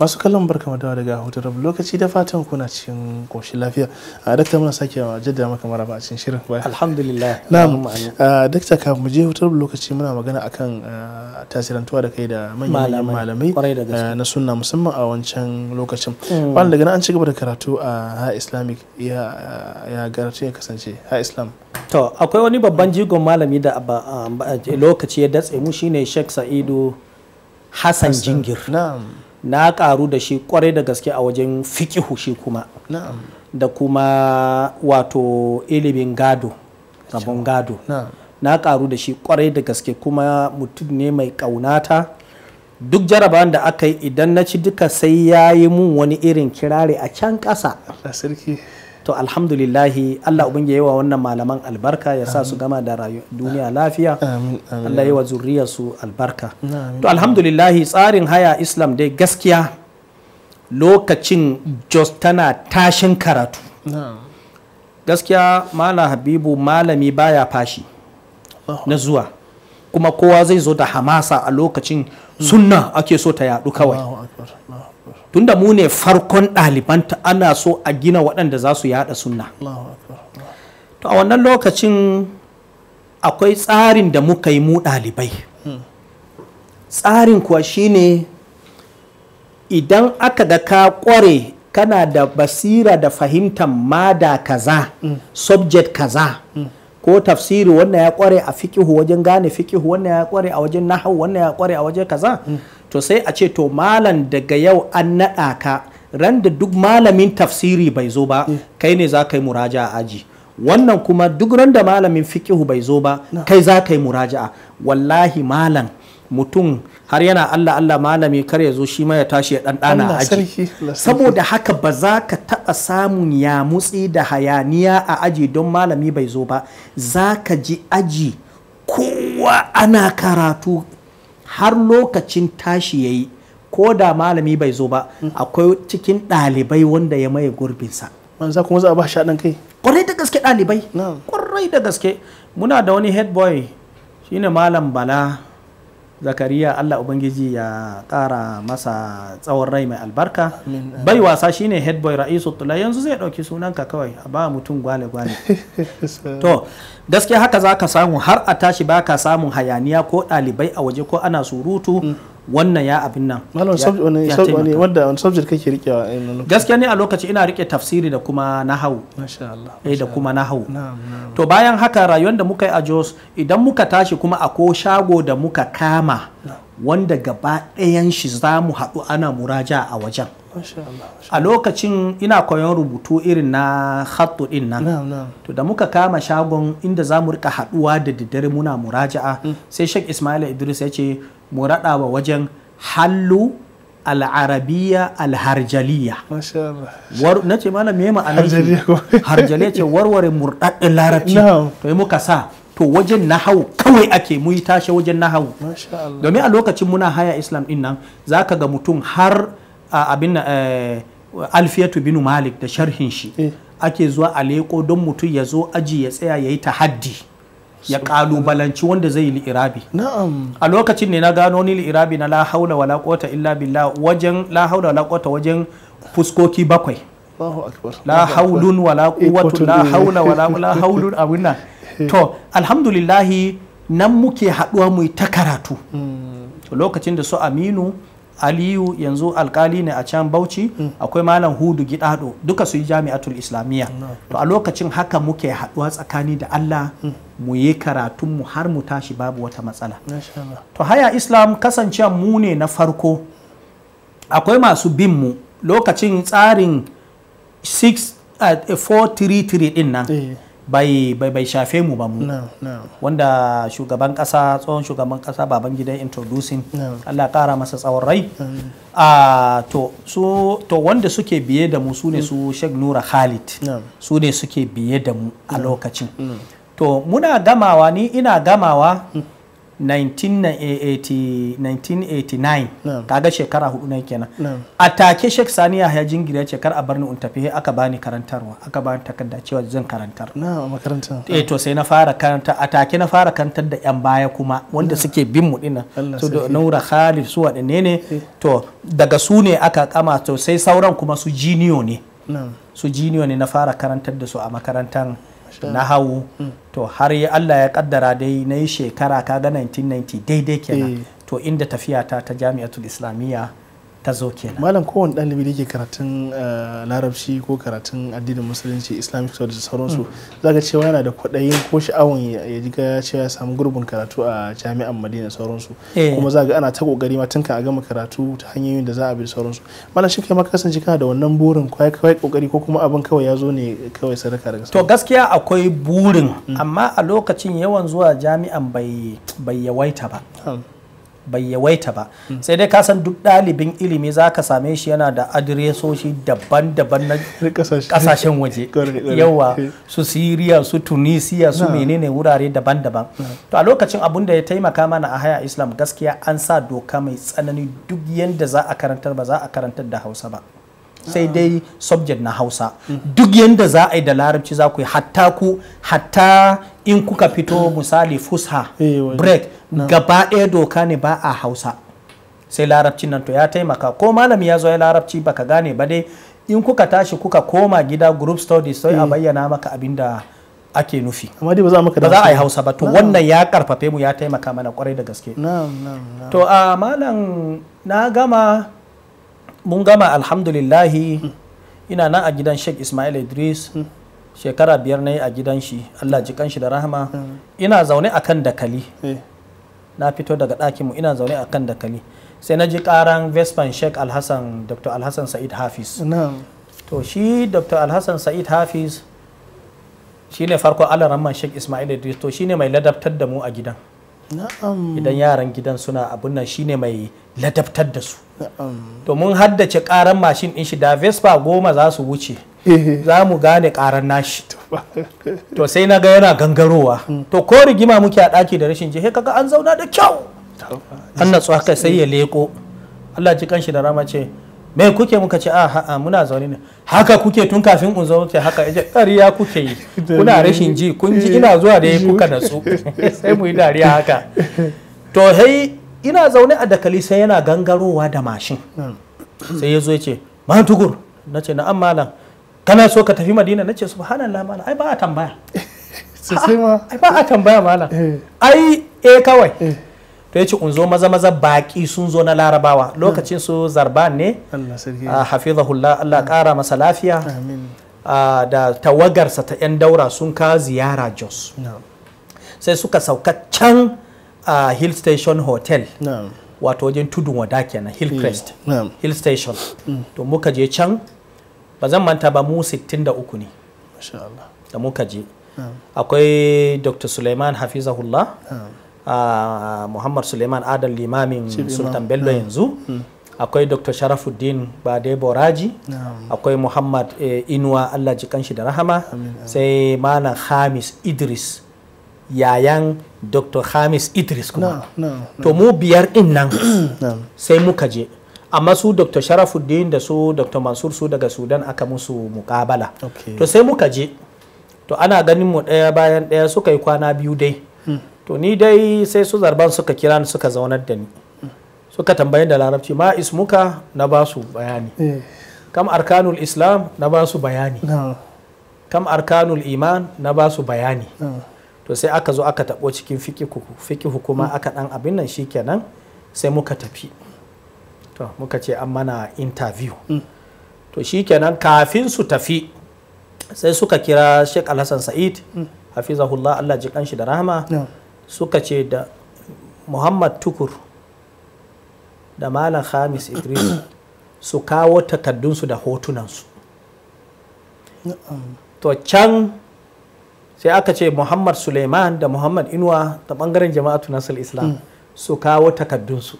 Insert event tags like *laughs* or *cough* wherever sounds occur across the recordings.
masu kallon barka da daga hotar lokaci da fatan kuna cikin koshin lafiya a dakta muna sake wa jaddada maka maraba a cikin shirin bai alhamdulillah na'am dakta ka mu je hotar lokaci muna magana akan tasirantuwa da kai da manyan malamai na sunna musamman a wancan lokacin hmm. wanda daga na an ci gaba da karatu a ha islamic ya garatu ya kasance ha islam to akwai wani babban jigon malami da lokaci ya datse mu shine sheikh sa'idu hassan jingir na'am na karu da shi kwarai da gaske a wajen fikihu shi kuma da kuma wato ilimin gado rabon gado na karu da shi kwarai da gaske kuma mutum ne mai kaunata duk jaraban da aka yi idan na ci duka sai ya yi mun wani irin kirare a can kasa. to alhamdulillahi Allah ubin ya yi wa wannan malaman albarka ya sa su gama da duniya lafiya Allah ya yi wa zuriyar su albarka to alhamdulillahi tsarin haya islam dai gaskiya lokacin jos tana tashin karatu gaskiya mala habibu malami baya fashi na zuwa kuma kowa zai zo da hamasa a lokacin hmm. sunna ake so ta yadu kawai tunda mu ne farkon ɗalibanta ana so a gina waɗanda za su yaɗa sunna to a wannan lokacin akwai tsarin da muka yi mu ɗalibai hmm. tsarin kuwa shine idan aka ga ka kware kana da basira da fahimtar mada kaza hmm. subject kaza hmm. ko tafsiri wannan ya kware a fikihu wajen gane fikihu wannan ya kware a wajen nahau wannan ya kware a wajen kaza to sai a ce to malam daga yau an naɗa ka ran da duk malamin tafsiri bai zo ba mm. kai ne za ka yi muraja a aji wannan kuma duk ran da malamin fiqihu bai zo ba kai za ka yi muraja'a wallahi malam mutum har yana Allah Allah malami kar ya zo shi ma ya tashi ya ɗanɗana aji saboda haka ba za ka taɓa samun ya mutsi da hayaniya a aji don malami bai zo ba za ka ji aji kowa ana karatu har lokacin tashi ya yi ko da malami bai zo ba akwai cikin ɗalibai wanda ya maye gurbinsa manza kuma za a ba shaɗin kai kwarai da gaske ɗalibai kwarai da gaske muna da wani head boy shine malam bala zakariya allah ubangiji ya ƙara masa tsawon rai mai albarka bai wasa shine head boy ra'isu tula yanzu zai ɗauki sunanka kawai a ba mutum gwale gwale *laughs* to gaskiya haka za ka samu har a tashi ba ka samun hayaniya ko ɗalibai a waje ko ana surutu mm. wannan ya abin nan wadda wani subject kake wa. gaskiya ne a lokaci ina rike tafsiri da kuma nahawu eh da kuma nahau to bayan haka rayuwar da muka yi a Jos idan muka tashi kuma a ko shago da muka kama wanda gaba ɗayan shi za mu haɗu ana muraja a wajen a lokacin ina koyon rubutu irin na hatu din nan to da muka kama shagon inda za mu rika haduwa da daddare muna muraja'a mm. sai shek ismail idris ya ce mu rada wa wajen hallu al'arabiya alharjaliya na ce malam me ma'anar harjaliya ce warware murɗaɗɗin larabci to yi muka sa to wajen nahau kawai ake mu yi tashe wajen nahau domin a lokacin muna haya islam din nan zaka ga mutum har abin eh, alfiyatu binu malik da sharhin shi eh. ake zuwa a leko don mutum ya zo aji ya tsaya ya yi ta haddi. ya kalubalanci wanda zai yi li'irabi a lokacin ne na gano ni li'irabi na la haula wala quwata illa billah wajen la haula wala quwata wajen fuskoki bakwai la haulun wala quwwatu la eh, haula wala la *laughs* haulun abin to alhamdulillahi nan muke haduwa mu ta karatu hmm. lokacin da su aminu aliyu yanzu alkali ne a can bauchi mm. akwai malam hudu gidado duka su yi jami'atul islamiyya mm. to a lokacin haka muke haduwa tsakani da allah mm. mu yi karatun mu har mu tashi babu wata matsala to haya islam kasancewa mu ne na farko akwai masu bin mu lokacin tsarin 433 eh, din nan eh. bai bai shafe mu ba mu no, wanda shugaban kasa tsohon shugaban kasa baban gidan introducing Allah kara masa tsawon rai ah, to wanda suke biye da mu sune mm. su Sheikh Nura Khalid su ne suke biye da mu a lokacin to muna gamawa ni ina gamawa mm. 1989 kaga shekara hudu ne kenan a take shek saniya ya Jingire ce kar a bar ni in tafi aka bani karantarwa aka bani takarda cewa zan karantar na eh to sai na fara karanta a take na fara karantar da yan baya kuma wanda suke bin mu dinnan to da Nura Khalif su wadanne ne eh. to daga su ne aka kama to sai sauran kuma su jiniyo ne su jiniyo ne na fara karantar da su a makarantar na hawu mm. to har yi Allah ya kaddara dai na yi shekara kaga 1990 daidai kenan eh. to inda tafiya ta ta jami'atul islamiyya ta zo kenan malam kowane ɗalibi da ke karatun eh, larabci ko karatun addinin musulunci islamic studies da sauransu mm. za ka cewa yana da kwaɗayin ko sha'awun ya ji ga cewa ya samu gurbin karatu a jami'an madina sauransu eh. kuma za ga ana ta kokari ma tunka a gama karatu ta hanyoyin da za a bi sauransu malam shi kai ma kasance kana da wannan burin kai kai kokari ko kuma abin kawai ya zo ne kawai sadaka daga to gaskiya akwai burin mm. amma a lokacin yawan zuwa jami'an bai yawaita ba bai yawaita ba sai dai kasan duk ɗalibin ilimi za ka same shi yana da adiresoshi daban-daban na kasashen waje *laughs* yawa su siriya su tunisiya su menene wurare daban-daban to a lokacin abun da ya taimaka mana a haya islam gaskiya an sa doka mai tsanani duk yadda za a karantar ba za a karantar da hausa ba sai dai subject na hausa duk yadda za a yi da larabci za ku yi hatta ku hatta in kuka fito misali fusha eh, break gaba ɗaya doka ne ba a hausa sai larabci nan to ya taimaka ko malami ya zo ya larabci baka gane ba dai in kuka tashi kuka koma gida group studies sai a eh. bayyana maka abin da ake nufi amma dai ba za maka ba za a yi hausa ba to wannan ya karfafe mu ya taimaka mana kwarai da gaske to a malam na gama mun gama alhamdulillahi ina nan a gidan sheikh ismail idris shekara biyar na yi a gidan shi allah ji kanshi da rahama ina zaune a kan dakali eh. na fito daga ɗakinmu ina zaune a kan dakali sai na ji karan vespan sheikh alhassan dr alhassan sa'id hafiz to shi dr alhassan sa'id hafiz shine farko alaramman sheikh ismail idris to shi ne mai ladabtar da mu a gidan idan yaran gidan suna abun nan shine mai ladabtar da su domin haddace karan mashin din shi da vespa goma za su wuce eh. za mu gane karan nashi *laughs* to sai na ga yana gangarowa hmm. to ko rigima muke a daki da rashin jihe kaga an zauna da kyau an natsuwa kai sai ya leko Allah ji kanshi da rama ce me kuke muka ce ah, a muna zaune ne haka kuke tun kafin in zo ce haka ije ƙarya kuke yi *laughs* kuna rashin ji kun ji ina zuwa da kuka su *laughs* sai mu yi dariya haka to hei ina zaune a dakali sai yana gangarowa da mashin hmm. sai ya zo ya ce tukur na ce na'am malam kana so ka tafi madina na ce subhanallah malam ai ba a tambaya *laughs* ai ba a tambaya malam eh. ai eh kawai eh. to ya unzo maza maza baƙi sun zo na larabawa hmm. lokacin su zarba ne ah, hafizahullah Allah kara hmm. masa lafiya ah, da tawagarsa ta 'yan daura sun ka ziyara jos sai suka sauka can a hill station hotel wato wajen tudun wada kenan hillcrest hill station hmm. to muka je can ba zan manta ba mu 63 ne da muka je akwai dr suleiman hafizahullah Ah, muhammad suleiman adal limamin sultan bello hmm. yanzu hmm. akwai dr sharafuddin bade boraji akwai muhammad eh, inuwa allah ji kanshi da rahama sai malam hamis idris yayan dr hamis idris kuma to mu biyar din nan *clears throat* sai muka je amma su dr sharafuddin da su dr mansur su daga sudan aka musu mukabala to sai muka je to ana ganin mu ɗaya bayan ɗaya suka yi kwana biyu dai to ni dai sai su zarban suka kira ni suka zaunar da ni suka tambayi da larabci ma ismuka na ba su bayani eh. kam arkanul islam na ba su bayani kam arkanul iman na ba su bayani to sai aka zo aka tabo cikin fikihu hukuma aka dan abin nan shikenan sai muka tafi to muka ce an mana interview mm. to shikenan kafin su tafi sai suka kira sheik alhassan sa'id mm. hafizahullah allah ji kanshi da rahama suka ce da muhammad tukur da malam khamis idris *coughs* su kawo takardunsu da hotunansu to can sai aka ce muhammad suleiman da muhammad inuwa ta bangaren jama'atu nasar islam mm. su kawo takardunsu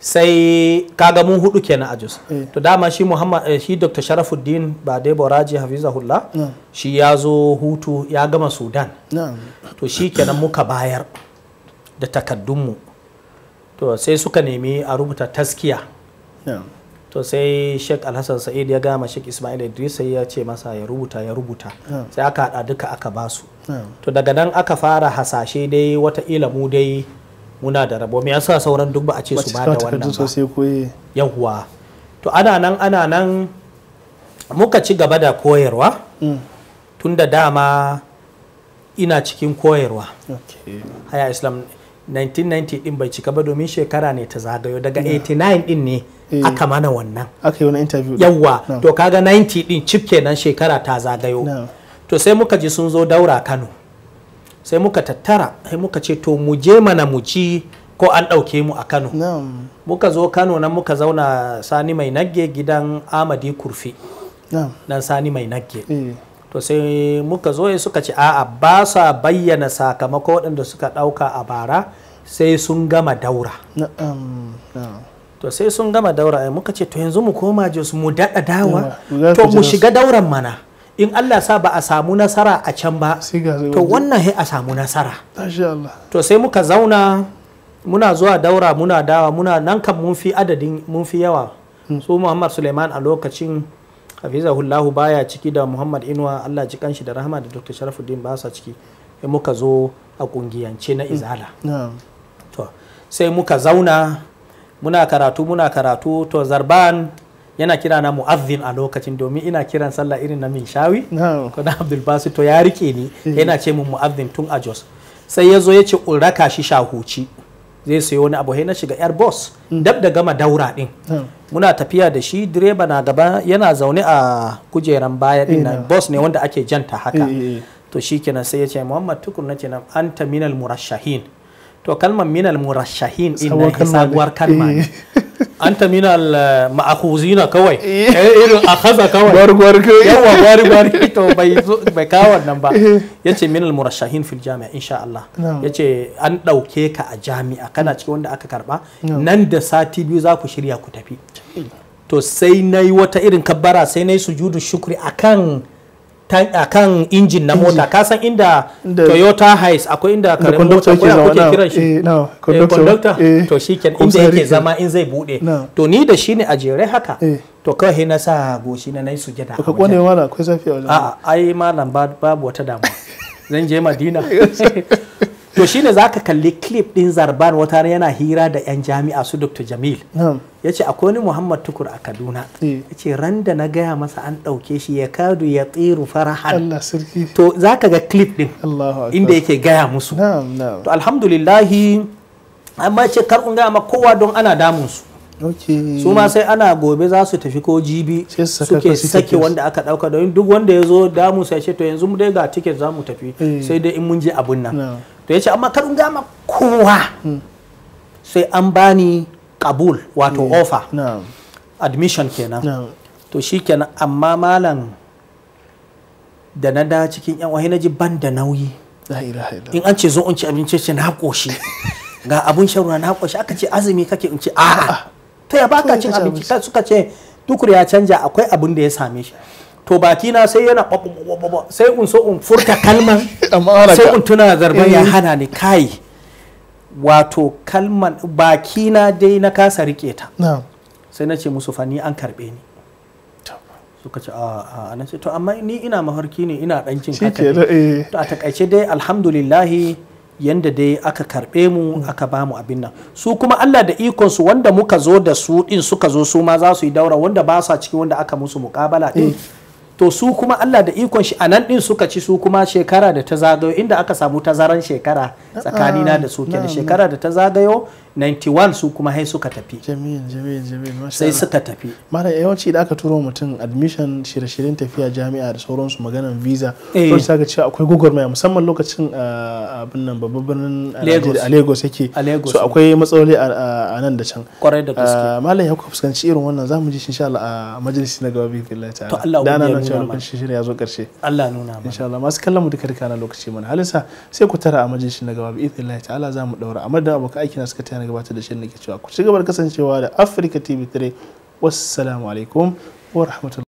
sai kaga mun hudu kenan a jos eh. to dama shi muhammad eh, shi dr sharafuddin ba dai boraji hafizahullah shi ya zo hutu ya gama sudan to shi kenan muka bayar da takaddunmu to sai suka nemi a rubuta taskiya to sai sheik alhassan sa'id ya gama shek ismail idris sai ya ce masa ya rubuta ya rubuta sai aka hada duka aka basu to daga nan aka fara hasashe dai wata mu dai muna da rabo me yasa sauran duk ba a ce su ba da wannan ba yawwa to ana nan ana nan muka ci gaba da koyarwa mm. tunda tun da dama ina cikin koyarwa haya islam 1990 din bai cika ba domin shekara ne ta zagayo daga 89 din ne eh. aka mana wannan aka yi wani interview yawwa to kaga 90 din cif kenan shekara ta zagayo to sai muka ji sun zo daura kano sai muka tattara sai muka ce to mu je mana mu ci ko an ɗauke mu a kano muka zo kano nan muka zauna sani mai nagge gidan amadi kurfi no. nan sani mai nagge eh. to sai muka zo suka ce a'a ba sa bayyana sakamako waɗanda suka ɗauka a bara sai sun gama daura to sai sun gama daura muka ce to yanzu mu koma jos mu daɗa dawa to mu shiga dauran mana in Allah sa ba a samu nasara a can ba to wannan he a samu nasara to sai muka zauna muna zuwa daura muna dawa muna nan kan mun fi adadin mun fi yawa hmm. su Muhammad Suleiman a lokacin Hullahu baya ciki da Muhammad Inuwa Allah ji kanshi da rahama da Dr. Sharafuddin ba sa ciki sai muka zo a kungiyance na hmm. izala to sai muka zauna muna karatu muna karatu to zarban yana kira na mu'azzin a lokacin domin ina kiran sallah irin na min shawi ko na abdul basit to ya rike ni eh. yana ce min mu'azzin tun a jos sai ya zo ya ce in shi shahuci zai sayo wani abu na shiga yar boss hmm. dab da gama daura din muna tafiya da shi direba na gaba yana zaune a kujeran baya din nan eh, boss ne wanda ake janta haka eh, to shikenan sai ya ce muhammad tukur na anta minal murashahin to kalmar minal murashahin din ne sabuwar kalma ne *laughs* anta min al ma'khuzina kawai irin akhaza kawai gwar yawa to bai bai kawo ba yace min al murashahin fil jami'a insha Allah yace an dauke ka a jami'a kana cikin wanda aka karba nan da sati biyu za ku shirya ku tafi to sai na yi wata irin kabbara sai na yi sujudu shukri akan kan injin na mota ka san inda toyota hiace akwai inda karen mota ko kuke kiran shi kondokta eh, eh, eh, to shiken inda yake zama in zai bude to ni da shi ne a jere haka to kawai na sa goshi na su sujada ka kone a wajen a'a ai malam babu wata damu *laughs* zan je madina *laughs* to shine ka kalli clip din zarban wata yana hira da yan jami'a su dr jamil ya ce akwai wani muhammad tukur a kaduna eh. ya ce ran da na gaya masa an ɗauke shi ya kadu ya tsiru farahan to za ka ga clip din inda yake gaya musu to alhamdulillahi amma ce kar gaya ma kowa don ana damun su su ma sai ana gobe za su tafi ko jibi suke sake wanda aka dauka domin duk wanda ya zo damu sai ce to yanzu mu dai ga tiket za mu tafi eh. sai dai in mun je abun nan to yace amma kar in ma kowa hmm. sai an bani kabul wato hmm. offer admission kenan to shikenan amma malam da na da cikin yan na naji ban da nauyi in an ce zo in ci abinci ce na koshi *laughs* ga abun shan na koshi aka ce azumi kake in ce a'a ah. to ya baka cin abinci suka ce tukur ya canja akwai abun da ya same shi to bakina sai yana sai in so in furta kalman *laughs* sai in tuna zarban ya eh. hana ni kai wato kalman bakina dai na kasa rike ta sai na ce musu fani an karbe ni suka ce a na ce to amma ni ina mafarki ne ina dan cin eh. to a takaice dai alhamdulillah yanda dai aka karbe mu hmm. aka ba mu abin nan su kuma Allah da ikon su wanda muka zo da su din suka zo su ma za su yi daura wanda ba sa cikin wanda aka musu mukabala din hmm. to su kuma Allah da ikon shi a nan din suka ci su kuma shekara da ta zagayo inda aka samu tazaran shekara tsakanina ah, da su da shekara da ta zagayo 91 su kuma hai suka tafi jami'in jami'in jami'in sai suka tafi mara yawanci da aka turo mutum admission shirye-shiryen tafiya jami'a da sauransu maganan visa ko eh. sai ga cewa akwai gwagwarmaya musamman lokacin ah, abin nan babban birnin ah, a Lagos yake so akwai matsaloli a nan da can kwarai da gaske ah, malam ya ku fuskanci irin wannan zamu ji insha Allah a majalisi na gaba bi billahi ta'ala da nan cewa lokacin shirye ya zo karshe Allah nuna mana insha Allah masu kallon mu duka duka na lokaci mana halisa sai ku tara a majalisi na gaba bi Allah ta'ala zamu daura amma da abokan aiki na suka tayar na gabatar da shirin da ke cewa ku ci gaba da kasancewa da Africa TV3 wassalamu alaikum wa rahmatullahi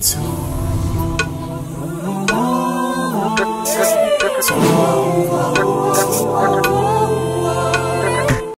Tomorrow. Tomorrow.